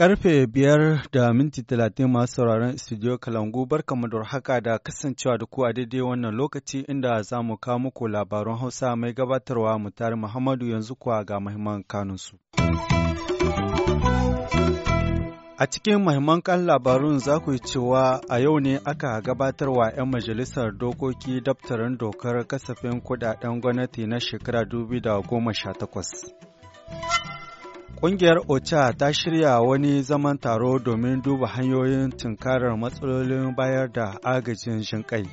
Karfe biyar da minti talatin masu sauraron studio Kalangu barkamu da haka da kasancewa da ku a daidai wannan lokaci inda za mu kawo muku labarun Hausa mai gabatarwa mutari Muhammadu yanzu kuwa ga mahimman kanunsu. A cikin mahimman kan labarun za ku cewa a yau ne aka gabatar wa 'yan majalisar dokoki daftarin dokar kasafin kudaden gwamnati na shekara 2018. Ƙungiyar OCHA ta shirya wani zaman taro domin duba hanyoyin tunkarar matsalolin bayar da agajin shinkai.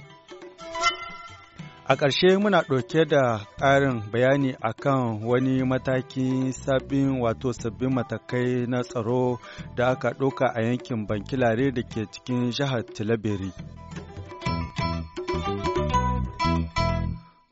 A ƙarshe muna ɗauke da ƙarin bayani akan wani mataki sabbin wato sabbin matakai na tsaro da aka ɗauka a yankin Bankilare da ke cikin jihar Tilaberi.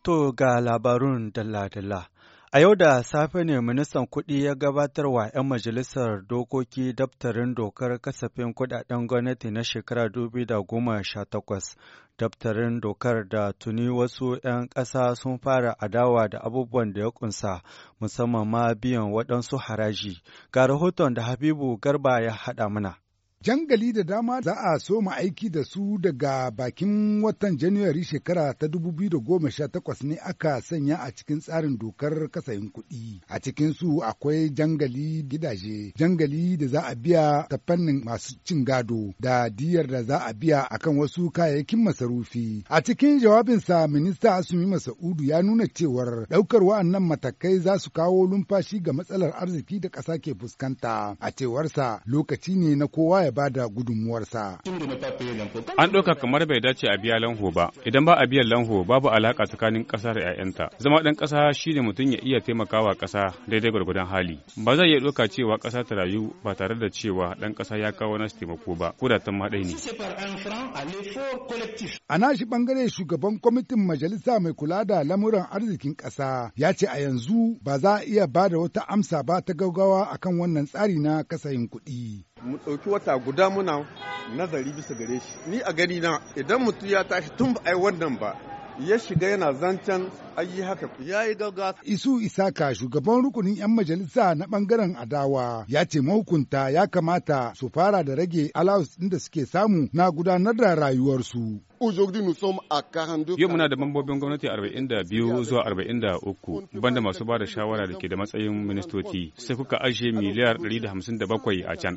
To ga labarun dalla-dalla. A yau da safe ne ministan kuɗi ya gabatar wa 'yan majalisar dokoki daftarin dokar kasafin kuɗaɗen gwamnati na shekara 2018. Daftarin dokar da tuni wasu 'yan ƙasa sun fara adawa da abubuwan da ya kunsa, musamman ma biyan waɗansu haraji. Ga rahoton da Habibu Garba ya haɗa mana. jangali da dama za a soma aiki da su daga bakin watan Janairu shekara ta 2018 ne aka sanya a cikin tsarin dokar kasayin kuɗi. A cikin su akwai jangali gidaje, jangali da za a biya ta fannin masu cin gado da diyar da za a biya akan wasu kayayyakin masarufi. A cikin jawabinsa minista Asumi Masa'udu ya nuna cewar ɗaukar wa'annan matakai za su kawo lumfashi ga matsalar arziki da ƙasa ke fuskanta. A cewarsa lokaci ne na kowa ya ba da gudunmuwarsa. An ɗauka kamar bai dace a biya lanho ba, idan ba a biyan lanho babu alaƙa tsakanin ƙasa da 'ya'yanta. Zama ɗan ƙasa shi shine mutum ya iya taimakawa ƙasa daidai gwargwadon hali. Ba zai iya ɗauka cewa ƙasa ta rayu ba tare da cewa ɗan ƙasa ya kawo nasu taimako ba, ko da tan maɗai ne. A nashi ɓangare shugaban kwamitin majalisa mai kula da lamuran arzikin ƙasa ya ce a yanzu ba za a iya ba da wata amsa ba ta gaugawa akan wannan tsari na kasayin kuɗi. mu ɗauki wata guda muna nazari bisa gare shi ni a gani na idan mutum ya tashi tun ba ai wannan ba ya shiga yana zancen an yi haka ya yi gaga. Isu Isaka shugaban rukunin 'yan majalisa na bangaren adawa ya ce mahukunta ya kamata su fara da rage alawus da suke samu na gudanar da rayuwarsu. Yau muna da mambobin gwamnati 42 zuwa 43 banda masu ba da shawara da ke da matsayin ministoci sai kuka ajiye miliyar 157 a can.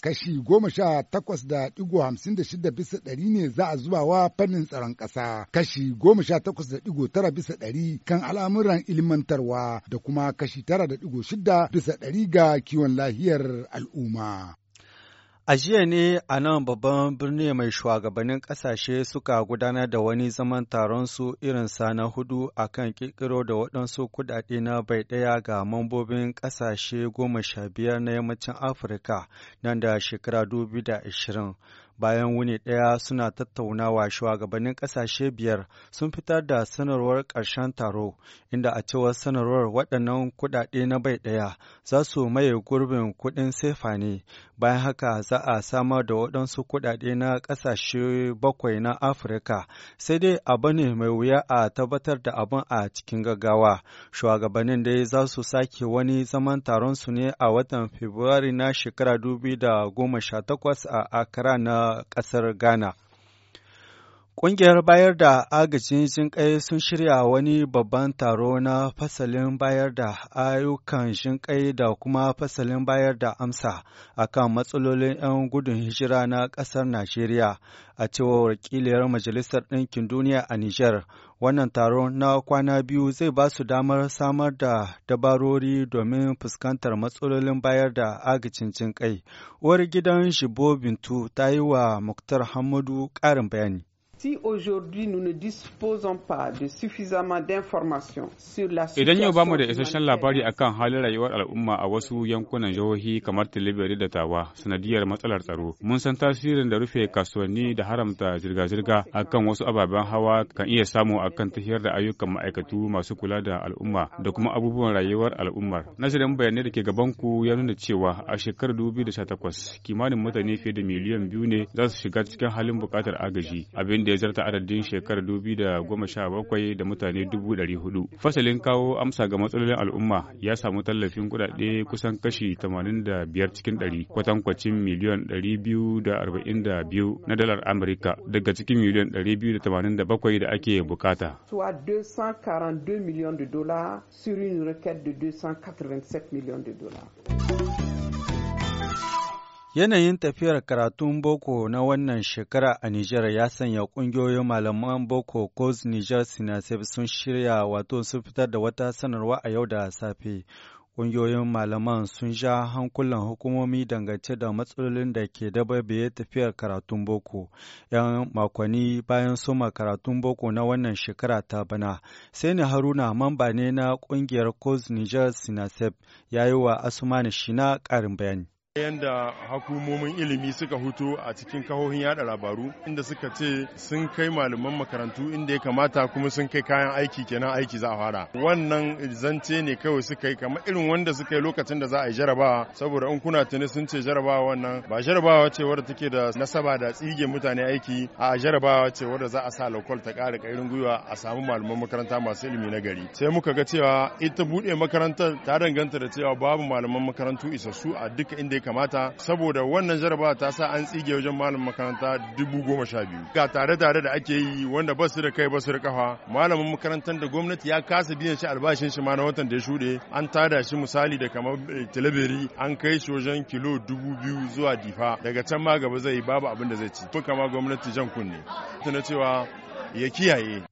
Kashi 18.56 bisa 100 ne za a zuba wa fannin tsaron ƙasa, kashi 18.9 bisa ɗari kan al'amuran ilmantarwa da kuma kashi tara da ɗigo shida bisa ɗari ga kiwon lahiyar al'umma. A jiya ne a nan babban birni mai shugabannin ƙasashe suka gudanar da wani zaman taron su irinsa na hudu a kan ƙirƙiro da waɗansu kuɗaɗe na bai ɗaya ga mambobin ƙasashe goma sha biyar na yammacin Afirka nan da shekara dubu da ashirin. bayan wuni ɗaya suna tattaunawa shugabannin ƙasashe biyar sun fitar da sanarwar ƙarshen taro inda a cewar sanarwar waɗannan kuɗaɗe na bai ɗaya za su maye gurbin kuɗin sefa ne bayan haka za a samar da waɗansu kuɗaɗe na ƙasashe bakwai na afirka sai dai abu ne mai wuya a tabbatar da abin a cikin gaggawa shugabannin dai za su sake wani zaman taron su ne a watan fabrairu na shekara 2018 a accra na ta ƙasar Ghana. Ƙungiyar bayar da agajin jinƙai sun shirya wani babban taro na fasalin bayar da ayyukan jinƙai da kuma fasalin bayar da amsa a kan matsalolin 'yan gudun hijira na ƙasar Najeriya a cewar Wakiliyar Majalisar Ɗinkin Duniya a Nijar. Wannan taro na kwana biyu zai ba su damar samar da dabarori domin fuskantar matsalolin bayar da agajin jinƙai. Uwar gidan Shibo Bintu ta yi wa Muktar Hamadu ƙarin bayani. de Idan yau ba mu da isasshen labari akan halin rayuwar al'umma a wasu yankunan jihohi kamar Tilibiri da Tawa sanadiyar matsalar tsaro, mun san tasirin da rufe kasuwanni da haramta zirga-zirga akan wasu ababen hawa kan iya samu akan tafiyar da ayyukan ma'aikatu masu kula da al'umma da kuma abubuwan rayuwar al'umma Nazarin bayanai da ke gaban ku ya nuna cewa a shekarar 2018 kimanin mutane fiye da miliyan biyu ne za su shiga cikin halin bukatar agaji abin wanda ya zarta adadin shekarar dubi da goma sha bakwai da mutane dubu dari hudu. Fasalin kawo amsa ga matsalolin al'umma ya samu tallafin kudade kusan kashi tamanin da biyar cikin dari kwatankwacin miliyon dari biyu da arba'in da biyu na dalar Amurka daga cikin miliyon dari biyu da tamanin da bakwai da ake bukata. Soit 242 de dollars sur une requête de 287 de dollars. Yanayin tafiyar karatun boko na wannan shekara a Nijar ya sanya ƙungiyoyin malaman boko Coast Nijar Sinasef sun shirya wato sun fitar da wata sanarwa a yau da safe. Ƙungiyoyin malaman sun ja hankulan hukumomi dangance da matsalolin da ke dababe tafiyar karatun boko. ‘Yan makonni bayan soma karatun boko na wannan shekara ta bana, sai ni Haruna mamba ne na ƙungiyar Coast niger Sinasef ya yi wa Asumani Shina ƙarin bayani. yanda hukumomin ilimi suka hutu a cikin kahohin yada labaru inda suka ce sun kai malaman makarantu inda ya kamata kuma sun kai kayan aiki kenan aiki za a fara wannan zance ne kawai suka yi kamar irin wanda suka yi lokacin da za a yi jarabawa saboda in kuna tuni sun ce jarabawa wannan ba jarabawa ce wadda take da nasaba da tsige mutane aiki a jarabawa ce wadda za a sa lokal ta kara kairin gwiwa a samu malaman makaranta masu ilimi na gari sai muka ga cewa ita buɗe makarantar ta danganta da cewa babu malaman makarantu isassu a duka inda kamata saboda wannan jarabawa ta sa an tsige wajen malamin makaranta dubu goma sha biyu ga tare tare da ake yi wanda ba su da kai ba su da kafa malamin makarantar da gwamnati ya kasa biyan shi albashin shi ma na watan da ya shuɗe an tada shi misali da kamar eh, talabiri an kai shi wajen kilo dubu biyu zuwa difa daga can ma gaba zai babu abin da zai ci. To kama gwamnati jan kunne. Tana cewa ya kiyaye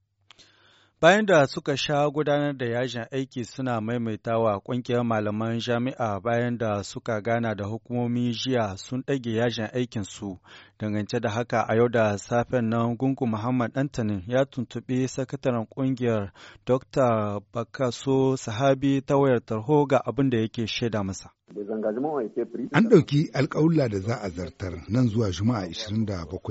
Bayan da suka sha gudanar da yajin aiki suna maimaitawa ƙungiyar malaman jami'a bayan da suka gana da hukumomi jiya sun ɗage yajin aikinsu. Dangance da haka a yau da safen nan Gungu Muhammad Antanin ya tuntuɓi sakataren ƙungiyar Dr. Bakaso Sahabi ta wayar tarho ga abin da yake shaida masa. An ɗauki alƙawulla da za a zartar nan zuwa Juma'a 27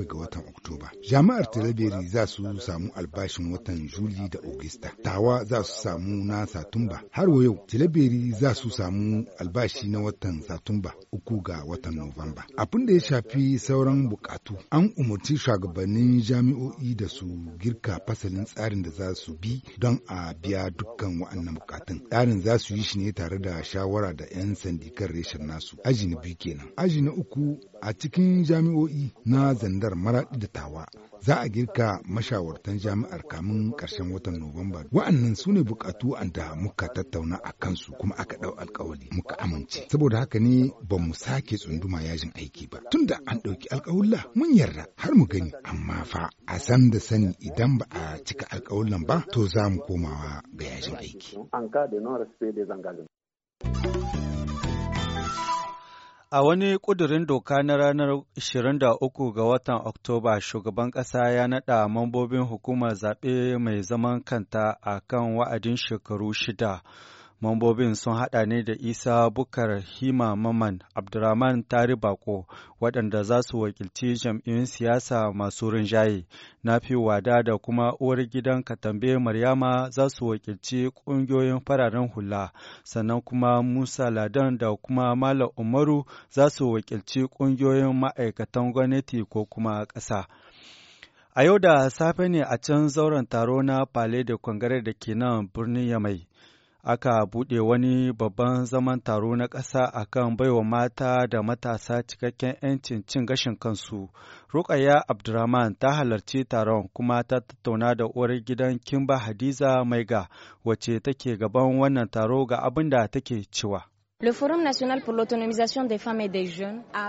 ga watan Oktoba. Jami'ar Talabiri za su samu albashin watan Juli da Augusta. Tawa za su samu na Satumba. Har wa yau, Talabiri za su samu albashi na watan Satumba uku ga watan Nuwamba. Abin da ya shafi sauran bukatu, an umarci shugabannin jami'o'i da su girka fasalin tsarin da za su bi don a biya dukkan wa'annan bukatun. Tsarin za su yi shi ne tare da shawara da 'yan sandi nazari kan reshen nasu aji na biyu kenan aji na uku a cikin jami'o'i na zandar maraɗi da tawa za a girka mashawartan jami'ar kamun karshen watan nuwamba wa'annan su ne bukatu da muka tattauna a kansu kuma aka ɗau alkawali muka amince saboda haka ne ba mu sake tsunduma yajin aiki ba tunda an ɗauki alkawulla mun yarda har mu gani amma fa a san da sani idan ba a cika alkawullan ba to za mu komawa ga yajin aiki A wani ƙudurin doka na ranar 23 ga watan Oktoba, shugaban ƙasa ya naɗa mambobin hukumar zaɓe mai zaman kanta a kan wa'adin shekaru shida. Mambobin sun haɗa ne da Isa Bukar Hima Maman Abdurrahman Tari Bako waɗanda za su wakilci jam'iyyun siyasa masu rinjaye. Nafi Wada da kuma uwar gidan Katambe Maryama za su wakilci ƙungiyoyin fararen hula, sannan kuma Musa Ladan da kuma Malam Umaru za su wakilci ƙungiyoyin ma'aikatan gwamnati ko kuma ƙasa. A yau da safe ne a can zauren taro na Palais de Congrès da ke nan birnin Yamai. aka buɗe wani babban zaman taro na ƙasa akan baiwa mata da matasa cikakken 'yancin cin gashin kansu. Rukaya Abdurrahman ta halarci taron kuma ta tattauna da uwar gidan Kimba Hadiza Maiga wacce take gaban wannan taro ga abin da take cewa. Le Forum national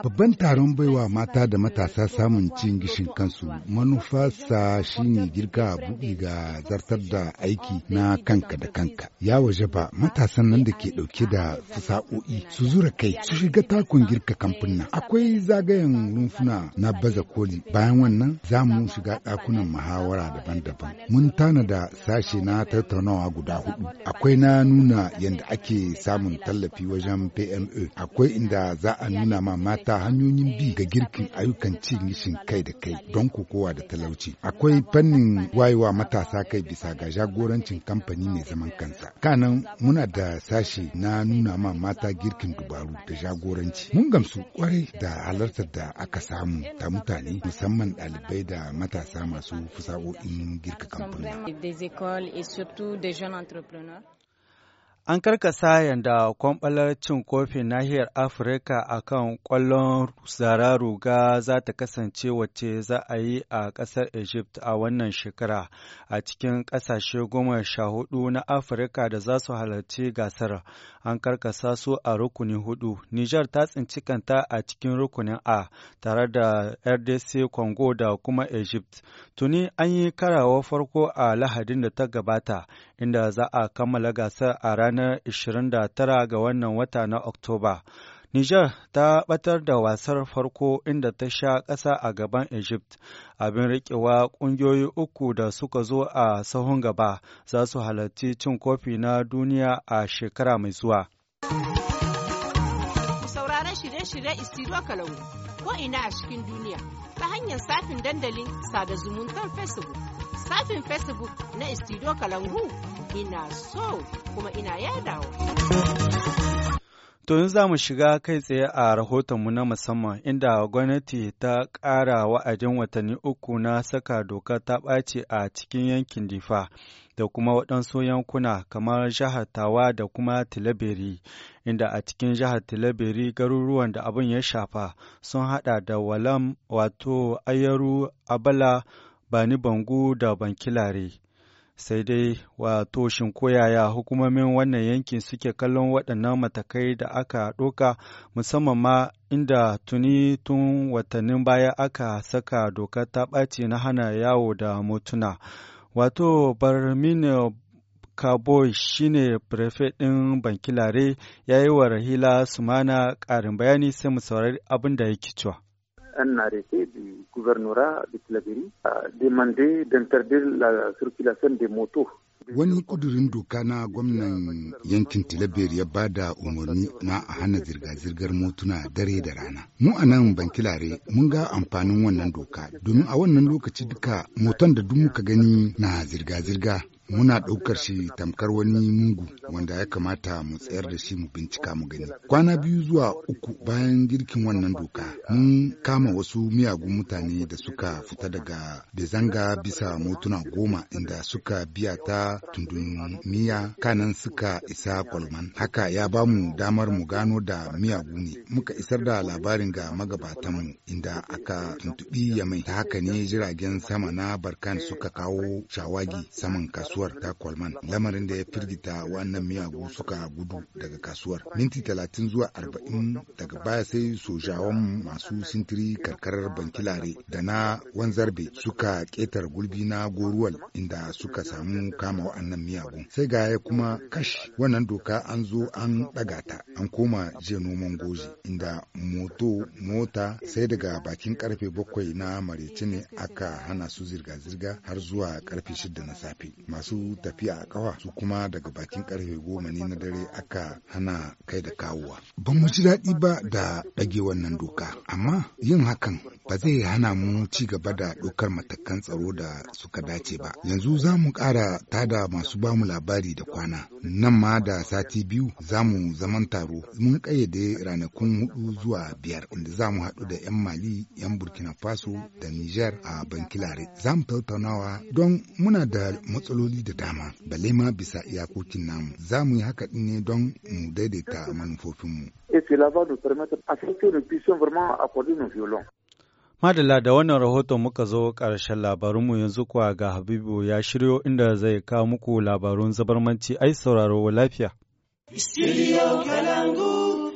Babban taron baiwa mata da matasa samun cin gishin kansu manufarsa shine girka buɗi ga zartar da aiki na kanka da kanka. Ya waje ba matasan nan da ke ɗauke da fasa'o'i su zura kai su shiga takun girka kamfuna. Akwai zagayen rumfuna na baza koli bayan wannan za mu shiga ɗakunan muhawara daban-daban. Mun tana da sashe na tattaunawa guda hudu. Akwai na nuna yadda ake samun tallafi wajen PME akwai inda za a nuna ma mata hanyoyin bi ga girkin ayyukan cin gishin kai da kai don kokowa da talauci. Akwai fannin wayewa matasa kai bisa ga jagorancin kamfani mai zaman kansa. Kanan muna da sashe na nuna ma mata girkin dubaru da jagoranci. Mun gamsu kwarai da halartar da aka samu ta mutane musamman ɗalibai da matasa masu fusa'o'in girka kamfanin. An karkasa yadda kwamɓalar cin kofin nahiyar Afirka a kan ƙwallon zara ruga za ta kasance wacce za a yi a ƙasar Egypt a wannan shekara a cikin ƙasashe goma sha hudu na Afirka da za su halarci gasar. An karkasa su a rukuni hudu. Nijar ta tsinci kanta a cikin rukunin A tare da RDC Congo da kuma Egypt. Tuni an yi karawa farko a Lahadin da ta gabata inda za a kammala gasar a ranar 29 ga wannan wata na Oktoba. Nijar ta batar da wasar farko inda ta sha ƙasa a gaban Egypt, abin riƙewa ƙungiyoyi uku da suka zo a sahun gaba za su halarci cin kofi na duniya a shekara mai zuwa. Sauraron shirye-shirye Isiro Kalau ko ina a cikin duniya ta hanyar safin dandalin sada zumuntar Facebook. shafin facebook na istido kalangu ina so kuma ina yadawa. To yanzu za mu shiga kai tsaye a rahotonmu na musamman inda gwamnati ta ƙara wa'adin watanni uku na saka doka ta ɓace a cikin yankin Difa da kuma waɗansu yankuna kamar jihar Tawa da kuma Tilaberi, inda a cikin jihar Tilaberi garuruwan da abin ya shafa sun haɗa da Walam wato Ayaru Abala ba ni bangu da bankilare. Sai dai wato shin koyaya hukumomin wannan yankin suke kallon waɗannan matakai da aka ɗoka musamman ma inda tuni tun watannin baya aka saka doka ta ɓaci na hana yawo da motuna. Wato Barmino Kaboy shine prefet ɗin Bankilare ya yi wa Rahila Sumana ƙarin bayani sai mu saurari abin da yake cewa. un arrêté du gouvernorat de Tilaberi a demandé d'interdire la circulation des motos wani kudurin doka na gwamnan yankin tilabiyar ya ba da umarni na a hana zirga-zirgar motuna dare da rana mu a nan bankilare mun ga amfanin wannan doka domin a wannan lokaci duka moton da duk muka gani na zirga-zirga muna ɗaukar shi tamkar wani mungu wanda ya kamata mu tsayar da shi mu bincika mu gani kwana biyu zuwa uku bayan girkin wannan doka mun kama wasu miyagun mutane da suka fita daga zanga bisa motuna goma inda suka biya ta tundun miya kanan suka isa kwalman haka ya ba mu damar mu gano da miyagu ne muka isar da labarin ga magabatanmu inda aka tuntuɓi yamai ta haka ne jiragen sama na barkan suka kawo shawagi saman kasu kasuwar ta Kwalman lamarin da ya firgita wannan miyagu suka gudu daga kasuwar. Minti talatin zuwa arba'in daga baya sai sojawan masu sintiri karkarar bankilare da na wanzarbe suka ƙetar gulbi na goruwal inda suka samu kama wa'annan miyagun. Sai ga ya kuma kash wannan doka an zo an ɗaga ta an koma jiya noman goji inda moto mota sai daga bakin karfe bakwai na marece ne aka hana su zirga-zirga har zuwa karfe shida na safe. Masu masu tafiya a kafa su kuma daga bakin karfe goma ne na dare aka hana kai da kawowa. Ba mu ji daɗi ba da ɗage wannan doka, amma yin hakan ba zai hana mu ci gaba da ɗaukar matakan tsaro da suka dace ba. Yanzu za mu ƙara tada masu bamu labari da kwana, nan ma da sati biyu za mu zaman taro mun ƙayyade ranakun hudu zuwa biyar inda za mu haɗu da 'yan Mali, 'yan Burkina Faso da niger a Bankilare. Za mu tattaunawa don muna da matsaloli matsaloli da dama balle ma bisa iyakokin namu za mu yi haka ne don mu daidaita manufofinmu Madalla da wannan rahoton muka zo ƙarshen labarunmu yanzu kuwa ga Habibu ya shiryo inda zai kawo muku labarun zabarmanci ai sauraro lafiya. Kalangu.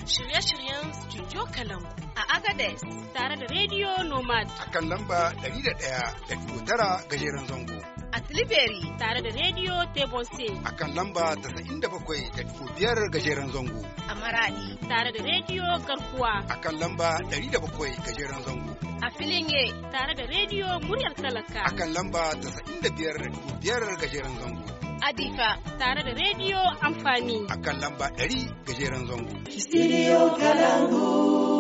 Shirye-shiryen Studio Kalangu a Agadez tare da Radio Nomad. A kan lamba 100.9 gajeren zango. a Tilibiri tare da Radio Table a kan lamba biyar gajeren zango. A Maradi tare da Radio Garkuwa a kan lamba 107 gajeren zango. A Filinge tare da Radio Muryar Talaka a kan lamba biyar gajeren zango. a difa. tare da Radio Amfani a kan lamba 100 gajeren zango. Studio Kalangu.